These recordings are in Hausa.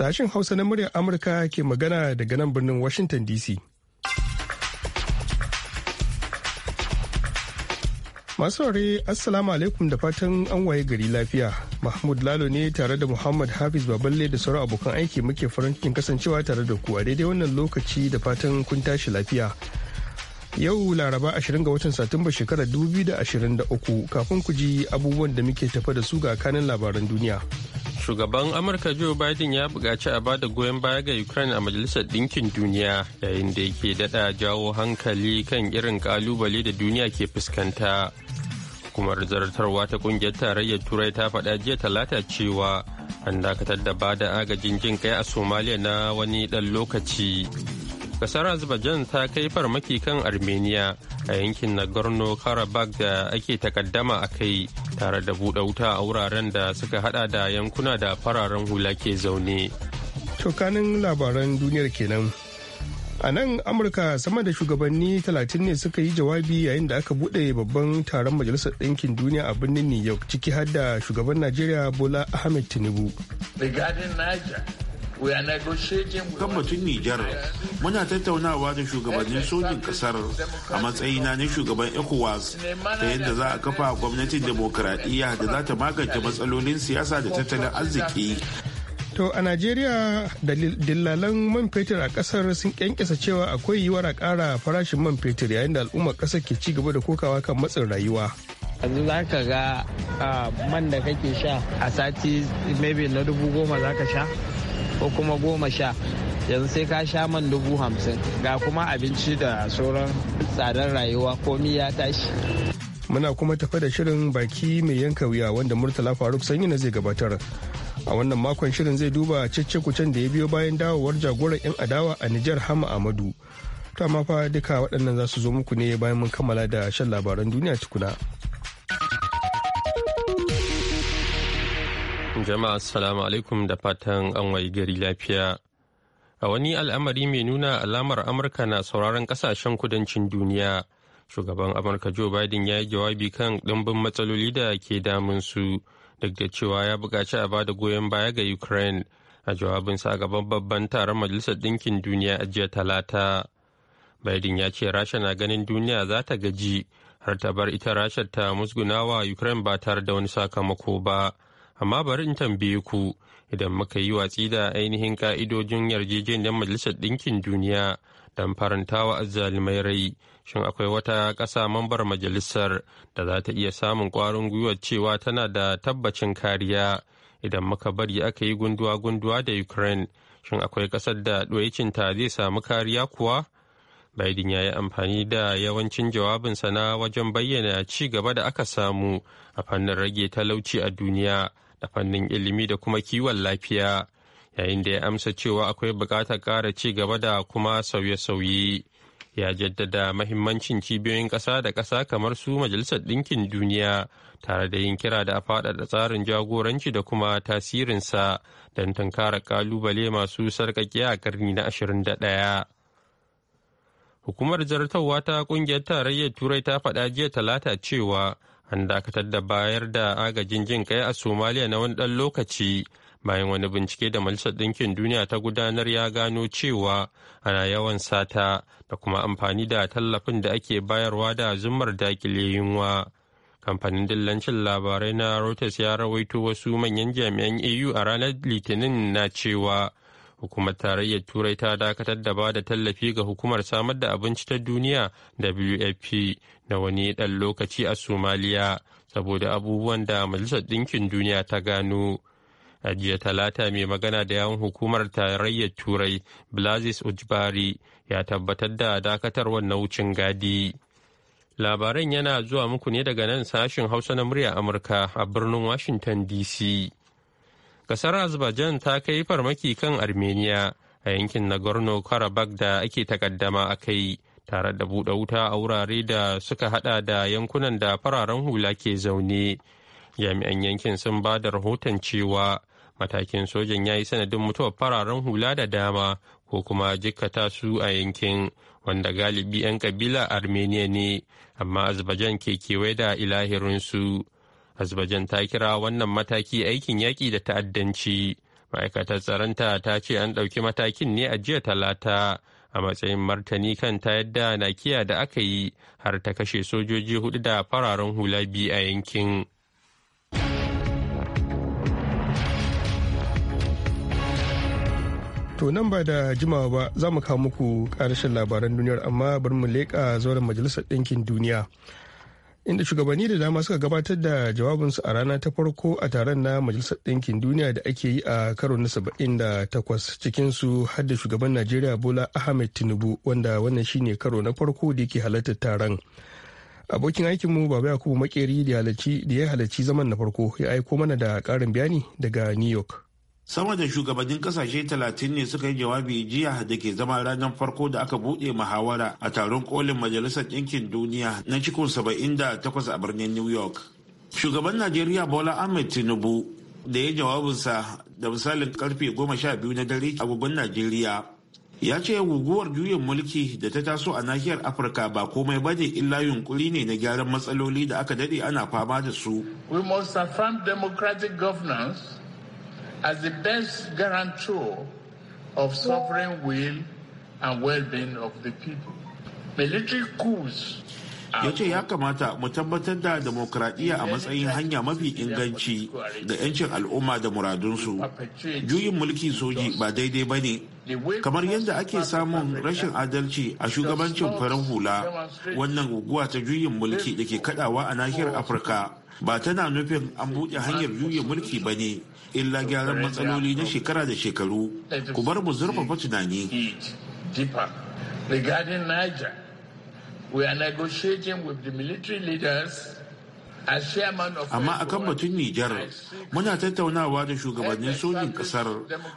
Sashen Hausa na muryar Amurka ke magana daga nan birnin Washington DC. Masu ware Assalamu alaikum da fatan an waye gari lafiya. Mahmud Lalo ne tare da Muhammad Hafiz Baballe da sauran abokan aiki muke farin cikin kasancewa tare da ku a daidai wannan lokaci da fatan kun tashi lafiya. Yau Laraba 20 ga watan Satumba shekarar 2023 kafin ku ji abubuwan da muke tafa da su ga kanin labaran duniya. Shugaban Amurka Joe Biden ya buƙaci a bada goyon baya ga Ukraine a Majalisar Ɗinkin Duniya yayin da yake daɗa jawo hankali kan irin ƙalubale da duniya ke fuskanta. kuma zartarwa ta ƙungiyar tarayyar Turai ta faɗa jiya talata cewa an dakatar da bada agajin jin kai a Somalia na wani ɗan lokaci. Kasar Azerbaijan ta kai farmaki kan Armenia a yankin nagorno karabakh da ake takaddama a kai tare da buɗe wuta a wuraren da suka hada da yankuna da fararen hula ke zaune tokanin labaran duniyar kenan a nan amurka sama da shugabanni 30 ne suka yi jawabi yayin da aka buɗe babban taron majalisar ɗinkin duniya a birnin new york ciki har da shugaban najeriya bola ahmed tinubu kan batun Nijar muna tattaunawa da shugabannin sojin kasar a matsayina na shugaban ECOWAS ta yadda za a kafa gwamnatin demokuraɗiyya da za ta magance matsalolin siyasa da tattalin arziki. To a Najeriya dillalan man fetur a kasar sun kyankyasa cewa akwai yiwuwar a kara farashin man fetur yayin da al'ummar kasar ke ci gaba da kokawa kan matsin rayuwa. yanzu za ka ga ah, man da kake sha a sati maybe na dubu goma za ka sha ko kuma goma sha yanzu sai ka sha man dubu hamsin ga kuma abinci da sauran tsadar rayuwa komi ya tashi muna kuma tafa da shirin baki mai yanka wuya wanda murtala faruk sanyi na zai gabatar a wannan makon shirin zai duba cece-kucen da ya biyo bayan dawowar jagoran 'yan adawa a nijar hama amadu ta mafa duka waɗannan za su zo muku ne bayan mun kammala da shan labaran duniya tukuna. Jama'a assalamu alaikum da fatan an wayi gari lafiya. A wani al'amari mai nuna alamar Amurka na sauraron kasashen kudancin duniya. Shugaban Amurka Joe Biden ya yi jawabi kan ɗimbin matsaloli da ke damun su duk da cewa ya buƙaci a bada goyon baya ga Ukraine a jawabinsa a gaban babban taron Majalisar Ɗinkin Duniya a jiya Talata. Biden ya ce Rasha na ganin duniya za ta gaji har ta bar ita Rasha ta musgunawa Ukraine ba tare da wani sakamako ba. amma bari in tambaye ku idan muka yi watsi da ainihin ka'idojin yarjejeniyar majalisar ɗinkin duniya don farantawa azzalumai rai shin akwai wata ƙasa mambar majalisar da za ta iya samun ƙwarin gwiwar cewa tana da tabbacin kariya idan muka bari aka yi gunduwa-gunduwa da ukraine shin akwai ƙasar da ɗoyicinta zai samu kariya kuwa Biden ya yi amfani da yawancin jawabinsa na wajen bayyana ci gaba da aka samu a fannin rage talauci a duniya da fannin ilimi da kuma kiwon lafiya yayin da ya amsa cewa akwai buƙatar ƙara ci gaba da kuma sauye-sauye ya jaddada mahimmancin cibiyoyin ƙasa da ƙasa kamar su majalisar ɗinkin duniya tare da yin kira da a faɗaɗa tsarin jagoranci da kuma tasirinsa don tankara ƙalubale masu sarƙaƙiya a ƙarni na ashirin da ɗaya. Hukumar zartarwa ta ƙungiyar tarayyar Turai ta faɗa jiya talata cewa an dakatar da bayar da agajin jin kai a somaliya na wani ɗan lokaci bayan wani bincike da majalisar ɗinkin duniya ta gudanar ya gano cewa ana yawan sata da kuma amfani da tallafin da ake bayarwa da zumar dakile yunwa kamfanin dillancin labarai na reuters ya rawaito wasu manyan jami'an au a ranar litinin na cewa hukumar tarayyar turai ta dakatar da ba da tallafi ga hukumar samar da abinci ta duniya wfp na wani ɗan lokaci a somaliya saboda abubuwan da majalisar ɗinkin duniya ta gano a jiya talata mai magana da yawon hukumar tarayyar turai blazis ujbari ya tabbatar da dakatarwar na wucin gadi labaran yana zuwa muku ne daga nan sashen hausa na murya amurka a birnin washington dc Kasar Azerbaijan ta kai farmaki kan Armenia a yankin Nagorno-Karabakh da ake takaddama a kai tare da buɗe wuta a wurare da suka hada da yankunan da fararen hula ke zaune. Jami'an yankin sun ba da rahoton cewa matakin sojan ya yi sanadin mutuwar fararen hula da dama ko kuma jikkata su a yankin wanda galibi 'yan kabila armenia ne amma azerbaijan ke kewaye da ilahirinsu azerbaijan ta kira wannan mataki aikin yaƙi da ta'addanci ma'aikatar tsaronta ta ce an ɗauki matakin ne a jiya talata a matsayin martani kan ta yadda nakiya da aka yi har ta kashe sojoji hudu da fararen hula biyu a yankin To nan ba da jimawa ba za mu kawo muku ƙarashin labaran duniyar amma bari mu leƙa zauren majalisar ɗinkin duniya. inda shugabanni da dama suka gabatar da jawabinsu a rana ta farko a taron na majalisar ɗinkin duniya da ake yi a karo na saba'in da takwas cikinsu har da shugaban najeriya bola ahmed tinubu wanda wannan shine karo na farko da yake halartar taron abokin aikinmu baba yakubu makeri da ya halarci zaman na farko ya aiko mana da karin bayani daga new york sama da shugabannin kasashe 30 ne suka yi jawabi jiya da ke zama ranar farko da aka buɗe muhawara a taron kolin majalisar ɗinkin duniya na cikin 78 a birnin new york shugaban najeriya bola ahmed tinubu da ya jawabinsa da misalin karfe 12 na dare agogon najeriya ya ce guguwar juyin mulki da ta taso a nahiyar afirka ba komai ba bane illa yunkuri ne na gyaran matsaloli da aka dade ana fama da su we must affirm democratic governance as the best guarantor of sovereign will and well-being of the people. Military coups ya ce ya kamata mu tabbatar da demokuraɗiyya a matsayin hanya mafi inganci da 'yancin al'umma da muradunsu juyin mulki soji ba daidai ba ne kamar yadda ake samun rashin adalci a shugabancin farin hula wannan guguwa ta juyin mulki da ke kadawa a nahiyar afirka ba tana nufin an buɗe hanyar juya mulki ba ne illa gyaran matsaloli na shekara da shekaru ku bar mu zurfafa tunani regarding niger we are negotiating with the military leaders amma akan batun Nijar muna tattaunawa da shugabannin sojin kasar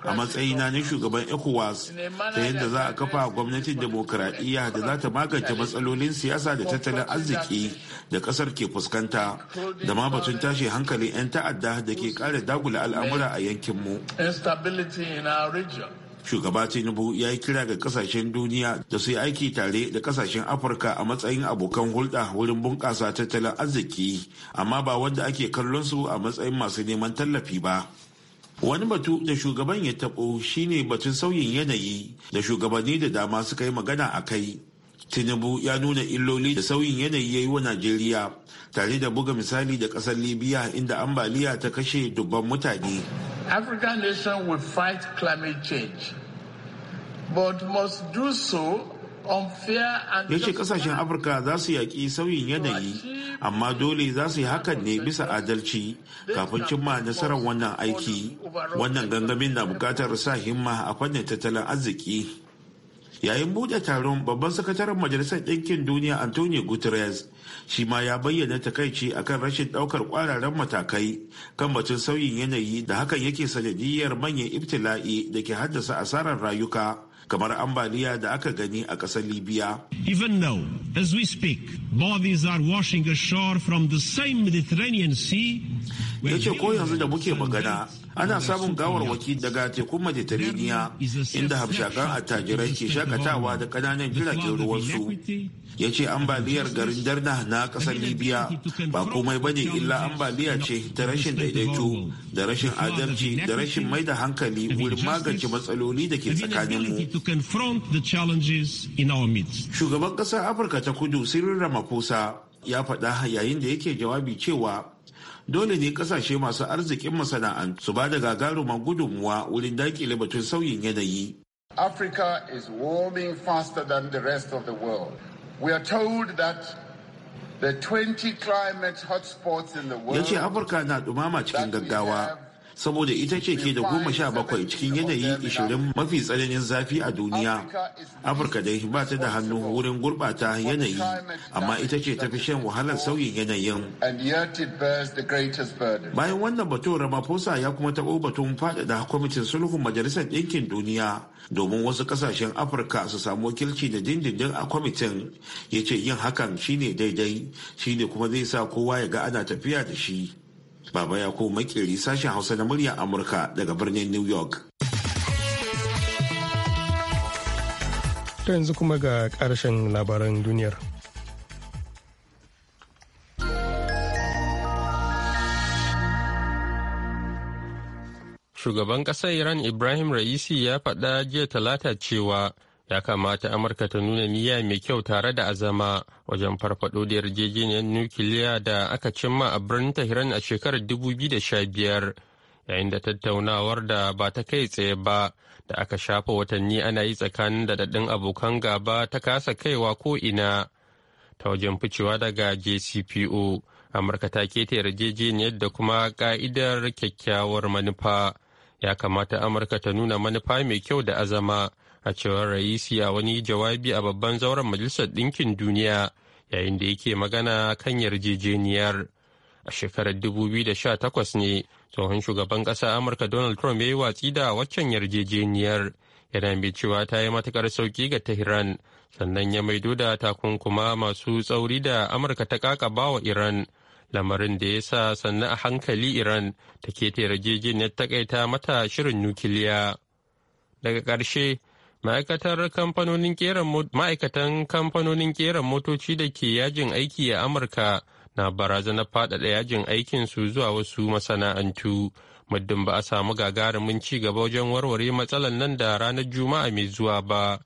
a matsayina na shugaban ECOWAS ta yadda za a kafa gwamnatin demokuraɗiyya da za ta magance matsalolin siyasa da tattalin arziki da kasar ke fuskanta da ma batun tashi hankalin 'yan ta'adda da ke ƙara dagula al'amura a yankinmu. Instability in shugaba tinubu ya yi kira ga kasashen duniya da su yi aiki tare da kasashen afirka a matsayin abokan hulɗa wurin bunƙasa tattalin arziki amma ba wanda ake kallon su a matsayin masu neman tallafi ba wani batu da shugaban ya taɓo shine batun sauyin yanayi da shugabanni da dama suka yi magana a kai tinubu ya nuna illoli da sauyin yanayi ya yi wa najeriya tare da buga misali da ƙasar libiya inda ambaliya ta kashe dubban mutane African nations will fight climate change, but must do so ya ce kasashen afirka za su yaƙi sauyin yanayi amma dole za su yi hakan ne bisa adalci kafin cimma nasarar wannan aiki wannan gangamin na buƙatar sa himma a fannin tattalin arziki yayin bude taron babban sakataren majalisar ɗinkin duniya antonio guterres shi ma ya bayyana takaici akan rashin ɗaukar ƙwararren matakai kan batun sauyin yanayi da hakan yake sanadiyyar manyan ibtila'i da ke haddasa asarar rayuka kamar ambaliya da aka gani a ƙasar Libya. Even now, as we speak, bodies are washing ashore from the same Mediterranean Sea. Yake ko yanzu da muke magana, ana samun gawarwaki daga tekun mediterania inda hafshakan attajirai ke shakatawa da kananan jiragen ruwansu ya ce ambaliyar garin darna na kasar libya ba komai ba ne illa ambaliya ce ta rashin daidaito da rashin adalci da rashin mai da hankali wurin magance matsaloli da ke tsakaninmu shugaban kasar afirka ta kudu sirrin ramaphosa ya faɗa yayin da yake jawabi cewa dole ne kasashe masu arzikin masana'antu su ba da gagaruman gudunmuwa wurin dakile batun sauyin yanayi. Africa is warming faster than the rest of the world. We are told that the 20 climate hotspots in the world. Yace Afirka na dumama cikin gaggawa. saboda ita ce ke da goma sha bakwai cikin yanayi ishirin mafi tsananin zafi a duniya afirka dai ba ta da hannu wurin gurbata yanayi amma ita ce ta fi shan wahalar sauyin yanayin bayan wannan batun ramaphosa ya kuma taɓo batun faɗaɗa kwamitin sulhun majalisar ɗinkin duniya domin wasu ƙasashen afirka su samu wakilci da dindindin a kwamitin ya ce yin hakan shine daidai shine kuma zai sa kowa ya ga ana tafiya da shi Baba ya ko makeri sashen Hausa na murya Amurka daga birnin New York. Ta yanzu kuma ga ƙarshen labaran duniyar. Shugaban ƙasar Iran Ibrahim Raisi ya faɗa jiya talata cewa ya kamata amurka ta nuna niyya mai kyau tare da azama wajen farfado da yarjejeniyar nukiliya da aka cimma a birnin tahiran a shekarar 2015 yayin da tattaunawar da ba ta kai tsaye ba da aka shafa watanni ana yi tsakanin da daɗin abokan gaba ta kasa kaiwa ko ina ta wajen ficewa daga jcpo amurka ta keta yarjejeniyar da kuma ka'idar kyakkyawar manufa ya kamata amurka ta nuna manufa mai kyau da azama a cewar raisi a wani jawabi a babban zauren majalisar ɗinkin duniya yayin da yake magana kan yarjejeniyar a shekarar 2018 ne tsohon shugaban ƙasa amurka donald trump ya yi watsi da waccan yarjejeniyar yana mai cewa ta yi matukar sauki ga tehran sannan ya maido da takunkuma masu tsauri da amurka ta kakaba wa iran lamarin da ya sa sannan a hankali iran take ta yarjejeniyar takaita mata shirin nukiliya daga ƙarshe ma'aikatan kamfanonin ƙeran motoci da ke yajin aiki a amurka na barazanar faɗaɗa yajin aikinsu zuwa wasu masana'antu muddin ba a samu gagarumin ci gaba wajen warware matsalar nan da ranar juma'a mai zuwa ba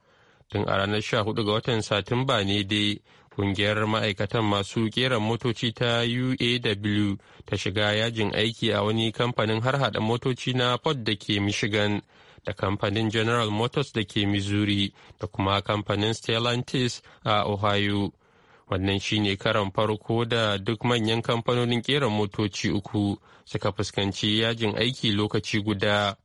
tun a ranar sha hudu ga watan satumba ne dai ƙungiyar ma'aikatan masu ƙeran motoci ta uaw ta shiga yajin aiki a wani kamfanin harhaɗa motoci na ford da ke michigan da kamfanin General Motors da ke Missouri da kuma kamfanin Stellantis a Ohio. Wannan shi ne karan farko da duk manyan kamfanonin ƙera motoci uku suka fuskanci yajin aiki lokaci guda.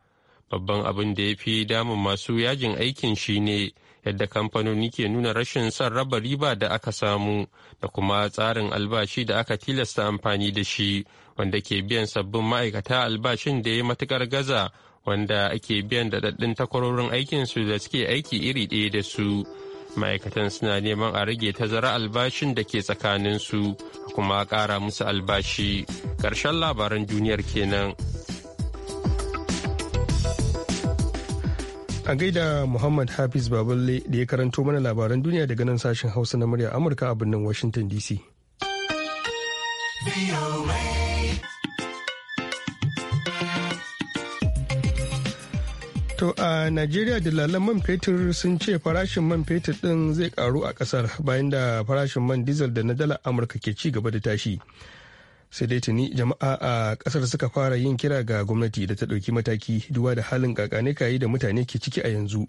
Babban abin da ya fi damun masu yajin aikin shi ne yadda kamfanoni ke nuna rashin son raba riba da aka samu da kuma tsarin albashi da aka tilasta amfani da shi wanda ke biyan sabbin ma'aikata albashin da ya matukar gaza wanda ake biyan da daɗin takwarorin aikinsu da suke aiki iri ɗaya da su ma'aikatan suna neman a rage tazara albashin da ke tsakaninsu kuma ƙara musu albashi ƙarshen labaran duniyar kenan a gaida muhammad hafiz baballe da ya karanto mana labaran duniya daga nan sashen hausa na murya amurka a birnin washington dc To a Najeriya dalalan man fetur sun ce farashin man fetur ɗin zai karu a ƙasar bayan da farashin man diesel da na dala Amurka ke ci gaba da tashi. Sai dai tuni jama'a a ƙasar suka fara yin kira ga gwamnati da ta ɗauki mataki duwa da halin kakane kayi da mutane ke ciki a yanzu.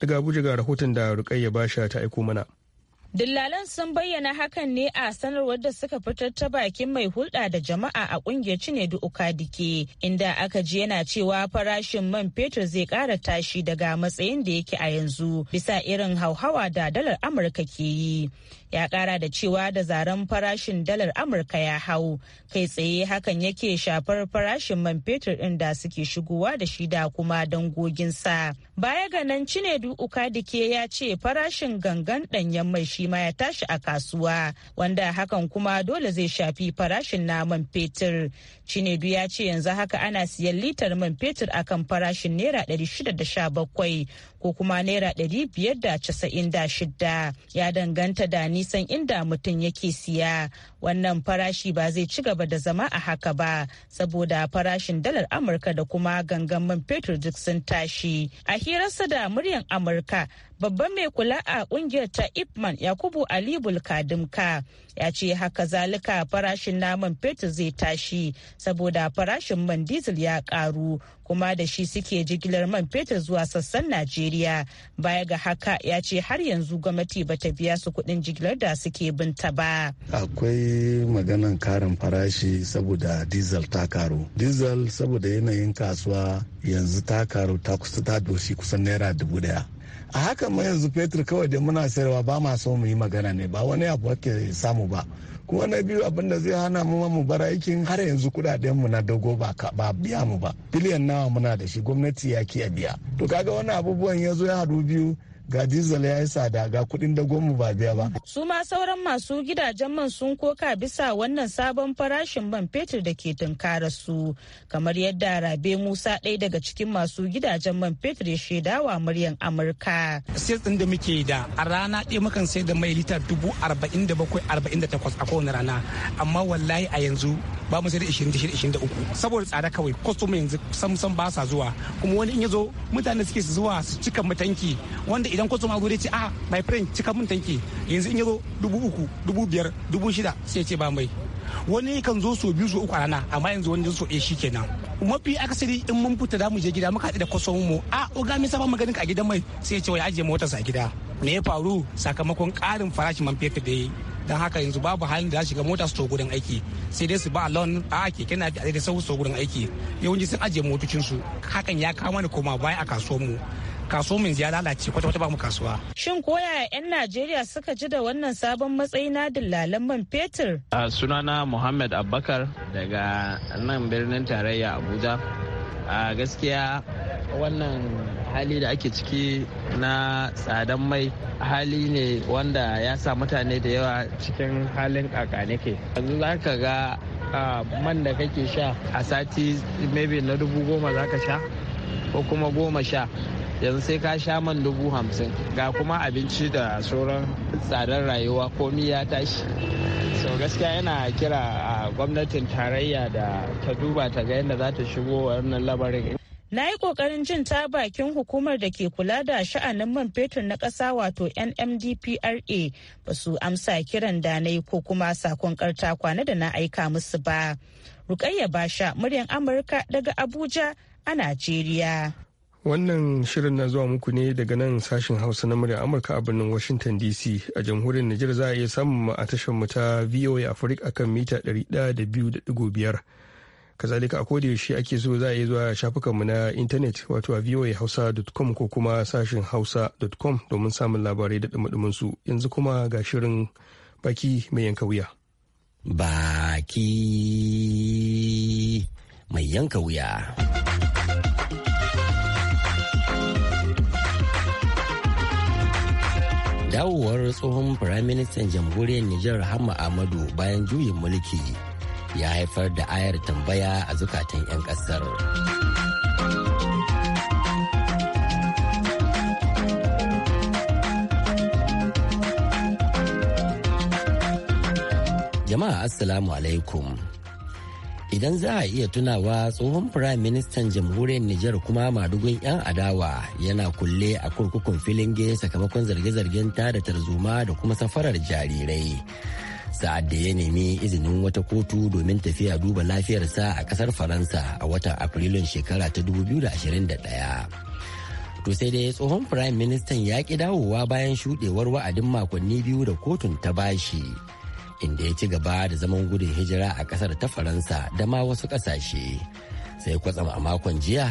Daga Abuja ga rahoton da Rukayya Basha ta aiko mana. Dillalan sun bayyana hakan ne a sanarwar da suka fitar ta bakin mai hulɗa da jama'a a ƙungiyar Cinedu Ukadike, inda aka ji yana cewa farashin man fetur zai ƙara tashi daga matsayin da yake a yanzu bisa irin hauhawa da dalar Amurka ke yi. Ya ƙara da cewa da zaren farashin dalar Amurka ya hau, kai tsaye hakan yake shafar farashin man fetur ɗin da suke shigowa da shi da kuma dangoginsa. Baya ga nan Cinedu Ukadike ya ce farashin gangan ɗanyen mai shi ma ya tashi a kasuwa wanda hakan kuma dole zai shafi farashin naman fetur. Cinedu ya ce yanzu haka ana siyan litar man fetur akan farashin naira 617 ko kuma naira 596 ya danganta da nisan inda mutum yake siya. Wannan farashi ba zai ci gaba da zama a haka ba saboda farashin dalar Amurka da kuma gangan man fetur duk sun tashi. A hirarsa da muryar Amurka babban mai kula a kungiyar ta ipman yakubu ali bulkadimka ya ce haka zalika farashin naman fetur zai tashi saboda farashin man diesel ya karu kuma da shi suke jigilar man fetur zuwa sassan najeriya baya ga haka ya ce har yanzu gwamnati ba ta biya su kudin jigilar da suke binta ba akwai maganan karin farashi saboda diesel ta karu diesel saboda yanayin kasuwa yanzu ta karu ta kusa ta doshi kusan naira dubu daya a haka ma yanzu fetur kawai da muna sayarwa ba ma so mu yi magana ne ba wani abu ake samu ba kuma na biyu abin da zai hana mu mu bar aikin har yanzu kudaden mu na dogo ba ba biya mu ba biliyan nawa muna da shi gwamnati ya ki biya to kaga wani abubuwan ya zo ya hadu biyu ga dizal ya yi tsada ga kuɗin da goma ba biya ba. su ma sauran masu gidajen man sun koka bisa wannan sabon farashin man fetur da ke tunkara su kamar yadda rabe musa ɗaya daga cikin masu gidajen man fetur ya shaidawa muryan amurka. sai ɗin da muke da a rana ɗaya mukan sai da mai lita dubu arba'in da bakwai arba'in da takwas a kowane rana amma wallahi a yanzu ba mu sai da ishirin da shida ishirin da uku saboda tsada kawai kwastoma yanzu sam sam ba sa zuwa kuma wani in ya zo mutane suke zuwa su cika matanki wanda idan kwastoma gode ce a ah, my friend cika mun tanki yanzu in yazo dubu uku dubu biyar dubu shida sai ce ba mai wani kan zo so biyu so uku a rana amma yanzu wani zan so ɗaya shi kenan mafi akasari in mun fita da mu je gida muka haɗu da kwaso mu a ah, oga me sabon maganin ka a gidan mai sai ce wai ajiye motarsa a gida me ya faru sakamakon ƙarin farashin man fetur da yi don haka yanzu babu halin da za shiga mota su gudun aiki sai dai su ba lon a keke na da sau su gudun aiki yawanci sun ajiye motocinsu hakan ya kama da koma baya a kasuwar mu kaso min ya lalace kwata-kwata ba mu kasuwa. Shin koya 'yan Najeriya suka ji da wannan sabon matsayi na dillalan man fetur? sunana Muhammad Abubakar daga nan birnin tarayya Abuja. A gaskiya wannan hali da ake ciki na tsadan mai hali ne wanda ya sa mutane da yawa cikin halin kakane ke yanzu za ka ga man da kake sha a sati maybe na dubu goma za ka sha ko kuma goma sha yanzu sai ka sha man dubu hamsin ga kuma abinci da sauran tsadar rayuwa komi ya tashi so gaskiya yana kira a gwamnatin tarayya da ta duba ta ga yadda za ta shigo wannan labarin na yi kokarin jin ta bakin hukumar da ke kula da sha'anin man fetur na ƙasa wato nmdpra ba su amsa kiran da na yi ko kuma sakon karta kwana da na aika musu ba rukayya basha muryan amurka daga abuja a najeriya Wannan shirin na zuwa muku ne daga nan sashen Hausa na murya Amurka a birnin Washington DC a jamhuriyar Nijar za a iya samun a tashar mu ta VOA Africa akan mita 102.5. Kazalika a koda yaushe ake so za a iya zuwa shafukan mu na intanet wato a voahausa.com ko kuma sashen hausa.com domin samun labarai da dumadumin su yanzu kuma ga shirin baki mai yanka wuya. Baki mai yanka wuya. dawowar tsohon firaministan jamhuriyar Nijar hama Ahmadu bayan juyin mulki ya haifar da ayar tambaya a zukatan 'yan ƙasar. Jama'a Assalamu alaikum. idan za a iya tunawa tsohon firayim ministan jamhuriyar Nijar kuma madugun 'yan adawa yana kulle a kurkukun filinge sakamakon zarge-zargen tada tarzoma da kuma safarar jarirai. Sa'ad da ya nemi izinin wata kotu domin tafiya duba lafiyarsa a kasar Faransa a watan Afrilun shekara ta 2021. To sai dai tsohon firayim ministan ya ƙi dawowa bayan shuɗewar wa'adin makonni biyu da kotun ta bashi. inda ya ci gaba da zaman gudun hijira a kasar ta faransa da ma wasu kasashe sai kwatsam a makon jiya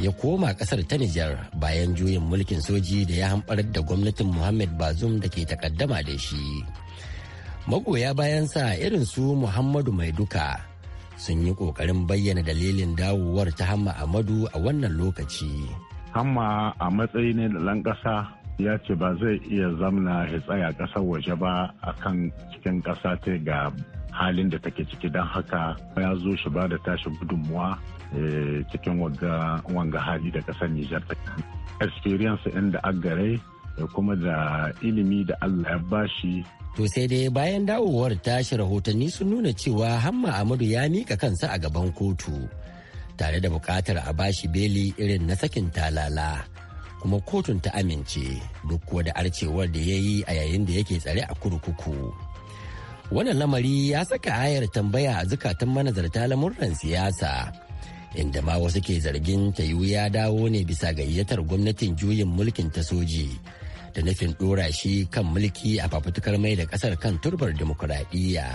ya koma kasar ta nijar bayan juyin mulkin soji da ya hanɓar da gwamnatin muhammad bazum da ke takaddama da shi magoya bayansa irin su muhammadu mai duka sun yi ƙoƙarin bayyana dalilin dawowar ta hamma amadu a wannan lokaci hamma a matsayi ne da ƙasa ya ce ba zai iya zamna ya tsaya ƙasar waje ba a kan cikin ƙasa ta ga halin da take ciki don haka ya zo shi ba da tashi gudunmuwa eh, cikin wanga hali da ƙasar Nijar ta experience inda agare da kuma da ilimi da Allah ya bashi To sai dai bayan dawowar tashi rahotanni sun nuna cewa Hamma Amadu ya mika kansa a gaban kotu tare da bukatar a bashi beli irin na sakin talala. kuma kotun ta amince duk kuwa da arcewar da ya yi a yayin da yake tsare a kurkuku wannan lamari ya saka ayar tambaya a zukatan manazarta lamurran siyasa inda ma wasu ke zargin tayu ya dawo ne bisa gayyatar gwamnatin juyin mulkin ta soji da nufin ɗora shi kan mulki a fafutukar mai da ƙasar kan turbar demokuraɗiyya.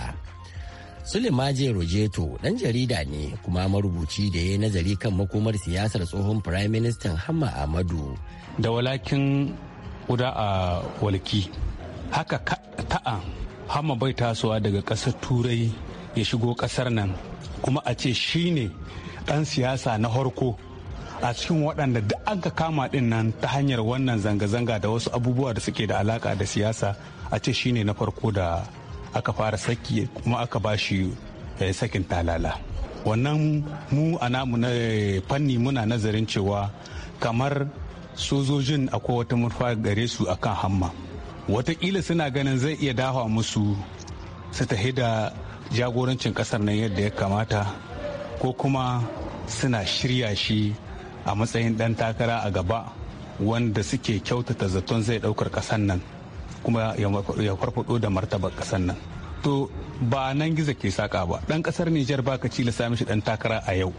Sulimaje Rojeto ɗan jarida ne kuma marubuci da ya yi nazari kan makomar siyasar tsohon Firayim Ministan Hamma Ahmadu da walakin kuda a walki haka ta'a hama bai tasowa daga ƙasar turai ya shigo ƙasar nan kuma a ce shi ne ɗan siyasa na harko a cikin waɗanda duk an ka kama ɗin nan ta hanyar wannan zanga-zanga da wasu abubuwa da suke da alaƙa da siyasa a ce shi ne na farko da aka fara saki kuma aka ba shi eh, sakin talala wannan mu a namu na eh, fanni muna nazarin cewa kamar sojojin akwai wata murfa gare su a kan hamma watakila suna ganin zai iya dawa musu su ta da jagorancin kasar nan yadda ya kamata ko kuma suna shirya shi a matsayin dan takara a gaba wanda suke kyautata zaton zai daukar kasar nan kuma ya farfado da martabar kasar nan to ba nan gizo ke saka ba dan kasar Nijar baka ci la sami shi dan takara a yau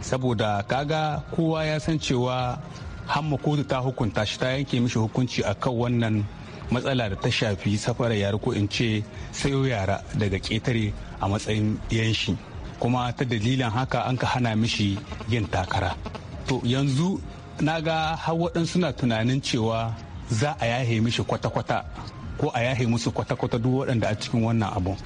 saboda kaga kowa ya san cewa hamma kotu ta hukunta shi ta yanke mishi hukunci a kan wannan matsala da ta shafi safarar yara ko in ce sayo yara daga ketare a matsayin yanshi kuma ta dalilin haka an ka hana mishi yin takara to yanzu na ga har suna tunanin cewa za a yahe mishi kwata-kwata ko a yahe musu kwata-kwata duk waɗanda a cikin wannan abu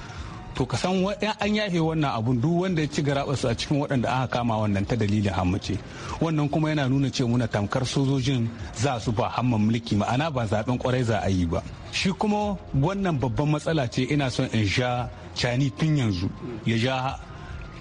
to ka san an yafe wannan abun duk wanda ya ci garabarsu a cikin waɗanda aka kama wannan ta dalilin hammace wannan kuma yana nuna ce muna tamkar sojojin za su ba hamman mulki ma'ana ba zaben kwarai za a yi ba shi kuma wannan babban matsala ce ina son in sha cani tun yanzu ya ja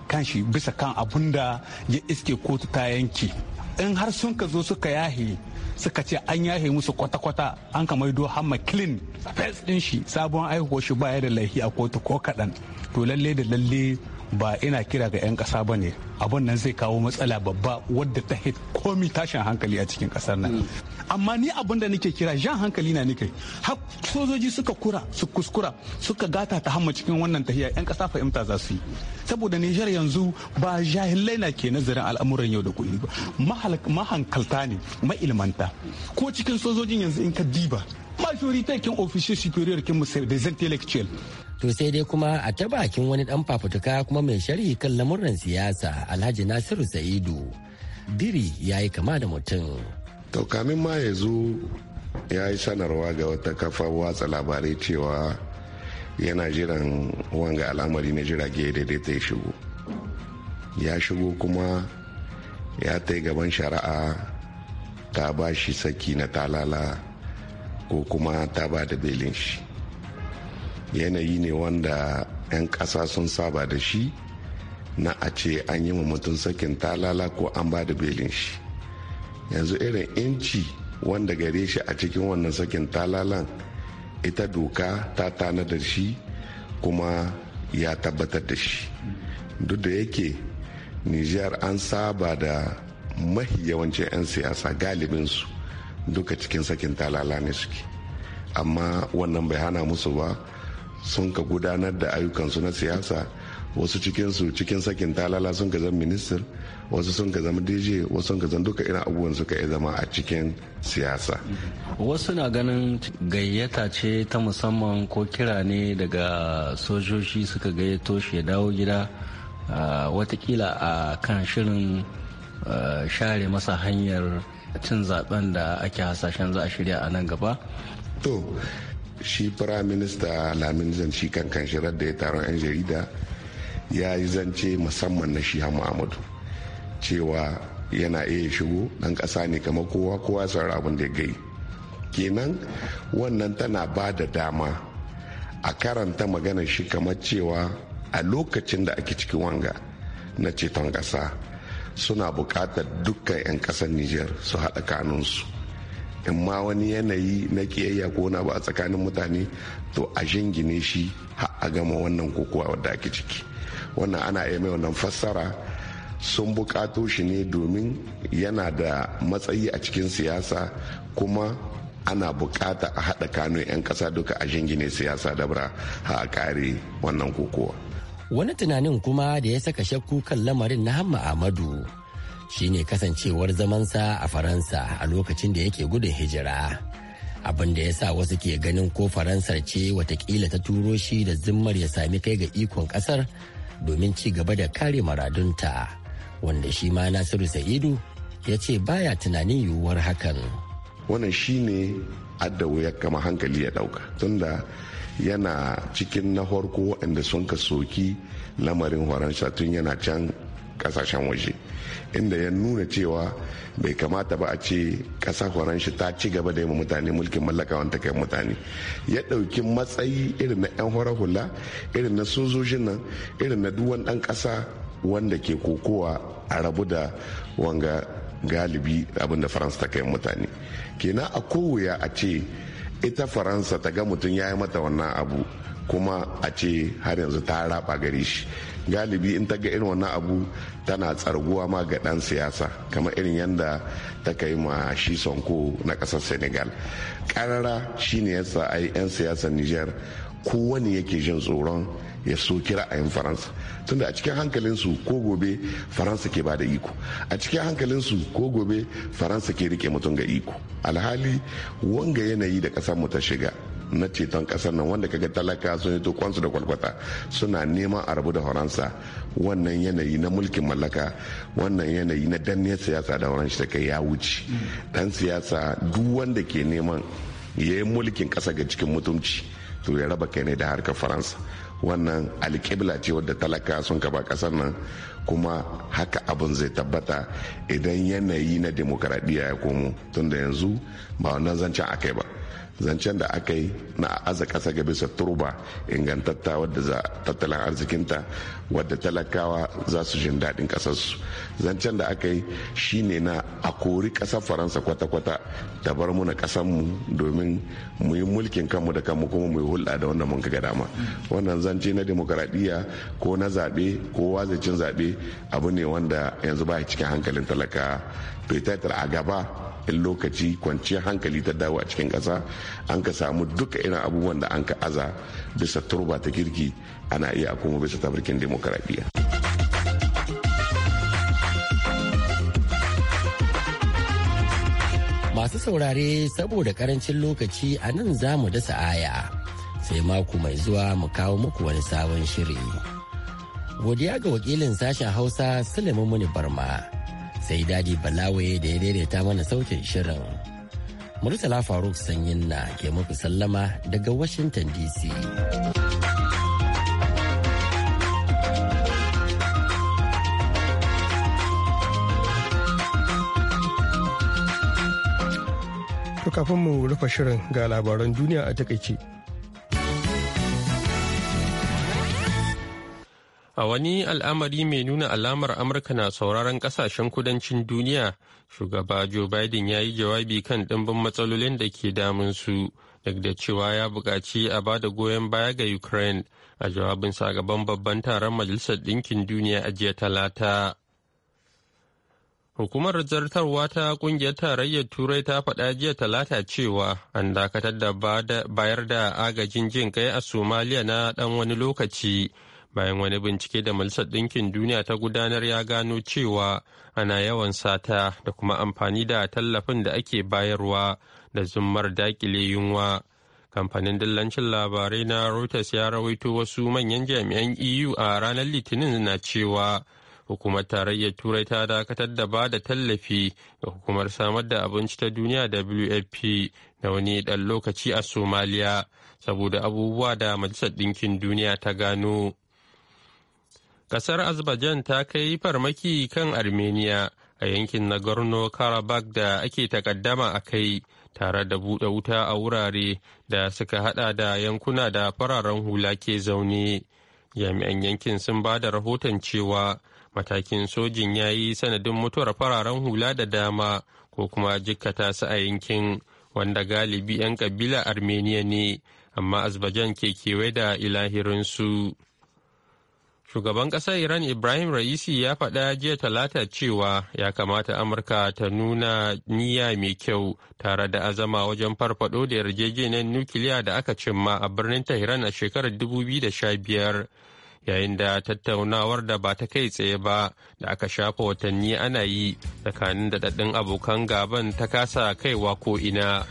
kanshi bisa kan abun da ya iske kotu ta yanke in har sun ka zo suka yahe suka ce an yahe musu kwata-kwata an ka maido hamma clean fes din shi sabon aihuwar shi baya da laifi a kotu ko kaɗan to lalle da lalle ba ina kira ga 'yan kasa ba ne abun nan zai kawo matsala babba wadda ta komi tashin hankali a cikin kasar nan amma ni abun da nake kira jan hankali na nake har sojoji suka kura su kuskura suka gata ta hamma cikin wannan tahiya 'yan ƙasa fahimta za su yi saboda nijar yanzu ba jahilai na ke nazarin al'amuran yau da kullum ba mahankalta ne mailmanta ko cikin sojojin yanzu in ka diba majorité kin officier supérieur des intellectuels to sai dai kuma a ta bakin wani dan fafutuka kuma mai sharhi kan lamuran siyasa alhaji nasiru sa'idu biri ya yi kama da mutum to kamin ma ya zo ya yi sanarwa ga wata kafa watsa labarai cewa yana jiran wanga al'amari na jirage daidai ta shigo ya shigo kuma ya ta gaban shari'a ta ba shi saki na talala ko kuma ta ba da belin shi yanayi ne wanda 'yan ƙasa sun saba da shi na a ce an yi mutum sakin talala ko an ba da belin shi yanzu irin inci wanda gare shi a cikin wannan sakin talalan ita doka ta tanada shi kuma ya tabbatar da shi duk da yake nijar an saba da mahi yawancin 'yan siyasa galibinsu duka cikin sakin talala ne suke amma wannan bai hana musu ba sun ka gudanar da ayyukansu na siyasa wasu cikinsu cikin sakin talala sun ka zama minister wasu sun ka zama dj wasu sun ka zama duka irin abubuwan suka iya zama a cikin siyasa wasu na ganin gayyata ce ta musamman ko kira ne daga sojoji suka gayyato shi ya dawo gida ah, watakila a kan shirin ah, share masa hanyar cin zaben da ake hasashen za a shirya a nan gaba? To, shi firaminista lamin zanci shi kankan shirar da ya taron 'yan jarida ya yi zance musamman na shi Muhammadu cewa yana iya shigo ɗan ƙasa ne kamar kowa kowa sauran abin da ya gai. Kenan wannan tana ba da dama a karanta magana shi kamar cewa a lokacin da ake cikin wanga na ceton ƙasa. suna buƙatar dukkan 'yan kasar Nijar su haɗa kanunsu in ma wani yanayi na kiyayya ko na ba a tsakanin mutane to a shingine shi har a gama wannan kokowa wadda ake ciki wannan ana iya mai wannan fassara sun buƙato shi ne domin yana da matsayi a cikin siyasa kuma ana buƙata a haɗa kano 'yan ƙasa duka a shingine siyasa dabra ha a kare wannan kokowa wani tunanin kuma da ya saka shakku kan lamarin na hamma amadu shine kasancewar zamansa a faransa a lokacin da yake gudun hijira abin da ya sa wasu ke ganin ko faransar ce watakila ta turo shi da zimmar ya sami kai ga ikon kasar domin ci gaba da kare maradunta wanda shi ma nasiru sa'idu ya ce baya tunanin yiwuwar hakan wannan shine adda ya kama hankali ya dauka tunda yana cikin na farko waɗanda sun ka soki lamarin faransa tun yana can kasashen waje inda ya nuna cewa bai kamata ba a ce ƙasa faransa ta ci gaba da yi mutane mulkin mallaka wanda kai mutane ya ɗauki matsayi irin na 'yan horar hula irin na sojojin nan irin na duwan ɗan ƙasa wanda ke kokowa a rabu da wanga galibi abinda faransa ta kai mutane kenan a kowuya a ce ita faransa ta ga mutum ya yi mata wannan abu kuma a ce har yanzu ta raba gare shi galibi in ta ga irin wannan abu tana tsarguwa ma ga dan siyasa kamar irin yadda ta kai ma shi sonko na kasar senegal karara shine yasa ai 'yan siyasar niger kowane yake jin tsoron ya a yin faransa tunda a cikin hankalinsu ko gobe faransa ke bada iko a cikin hankalinsu ko gobe faransa ke rike mutum ga iko alhali wanga yanayi da kasar mu ta shiga na ceton kasar nan wanda kaga talaka sun yi kwansu da kwalkwata suna neman a rabu da faransa wannan yanayi na mulkin mallaka wannan yanayi na danne siyasa da wurin ta kai ya wuce dan siyasa duk wanda ke neman ya yi mulkin kasa ga cikin mutunci to ya raba kai ne da harkar faransa wannan alƙibla ce wadda talaka sun kaba ƙasar nan kuma haka abin zai tabbata idan yanayi na demokaradiyya ya komo tun da yanzu ba wannan zancen akai ba zancen da aka yi na aza ƙasa ga bisa turba ingantatta wadda za tattalin arzikinta wadda talakawa za su jin daɗin ƙasarsu zancen da aka yi shine na a kori ƙasar faransa kwata-kwata ta bar muna ƙasarmu domin mu yi mulkin kanmu da kanmu kuma mu yi hulɗa da wanda mun ga dama wannan zance na demokaradiyya ko na zaɓe ko wazacin zaɓe abu ne wanda yanzu ba cikin hankalin talaka fitatar a gaba in lokaci kwanciyar hankali ta dawo a cikin ƙasa an ka samu duka irin abubuwan da an ka aza bisa turba ta girki ana iya kuma bisa tafarkin demokaradiyya. Masu saurare saboda karancin lokaci a nan za mu dasa aya sai mako mai zuwa mu kawo muku wani sabon shiri. Godiya ga wakilin sashen Hausa Suleiman Muni Barma sai Dadi balawai da ya daidaita mana saukin shirin. Murtala Faruk Sanyin na ke muku sallama daga Washington DC. kafin mu rufe shirin ga labaran duniya a takaice. A wani al'amari mai nuna alamar Amurka na sauraron kasashen kudancin duniya, shugaba Joe Biden ya yi jawabi kan ɗimbin matsalolin da ke damun su, duk da cewa ya buƙaci a ba da goyon baya ga Ukraine a jawabinsa gaban babban taron Majalisar Ɗinkin Duniya a jiya talata. Hukumar zartarwa ta kungiyar tarayyar Turai ta faɗa jiya talata cewa an dakatar da bayar da agajin jin kai a Somaliya na ɗan wani lokaci bayan wani bincike da Majalisar Ɗinkin Duniya ta gudanar ya gano cewa ana yawan sata da kuma amfani da tallafin da ake bayarwa da zummar dakile yunwa. Kamfanin dillancin labarai na Reuters ya rawaito wasu manyan jami'an EU a ranar Litinin na cewa hukumar tarayyar Turai ta dakatar da ba da tallafi ga hukumar samar da abinci ta duniya WFP na wani ɗan lokaci a Somalia saboda abubuwa da Majalisar Ɗinkin Duniya ta gano. Kasar Azerbaijan ta kai farmaki kan Armenia a yankin Nagorno-Karabakh da ake takaddama a kai tare da buɗe wuta a wurare da suka hada da yankuna da fararen hula ke zaune. Jami'an yankin sun ba da rahoton cewa matakin sojin ya yi sanadin mutuwar fararen hula da dama ko kuma jikkata su a yankin wanda galibi 'yan kabila armenia ne amma azerbaijan ke kewaye da ilahirinsu. Shugaban ƙasar Iran Ibrahim Raisi ya faɗa jiya talata cewa ya kamata Amurka ta nuna niyya mai kyau tare da azama wajen farfaɗo da yarjejeniyar nukiliya da aka cimma a birnin Tehran a shekarar 2015 yayin da tattaunawar da ba ta kai tsaye ba da aka shafa watanni ana yi tsakanin daɗaɗɗun abokan gaban ta kasa kaiwa ko ina.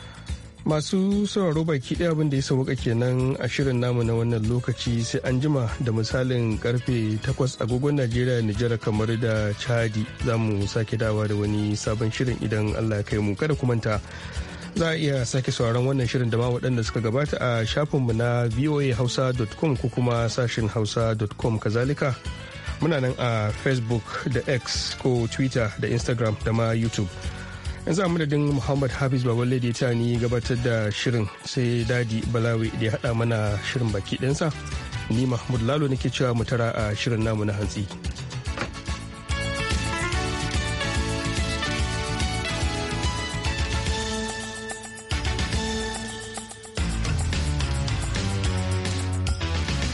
masu sauraro baki ɗaya abin da ya sauka kenan a shirin namu na wannan lokaci sai an jima da misalin karfe 8 agogon najeriya nijar kamar da chadi za mu sake dawa da wani sabon shirin idan allah kai mu kada kumanta za a iya sake sauraron wannan shirin da ma waɗanda suka gabata a shafinmu na voahausa.com ko kuma sashin hausa.com kazalika muna nan a facebook da x ko twitter da instagram da ma youtube yanzu a madadin muhammad hafiz babalai da ta ni gabatar da shirin sai dadi balawi da ya haɗa mana shirin baki ɗinsa ni mahmud lalo nake cewa mu tara a shirin namu na hantsi.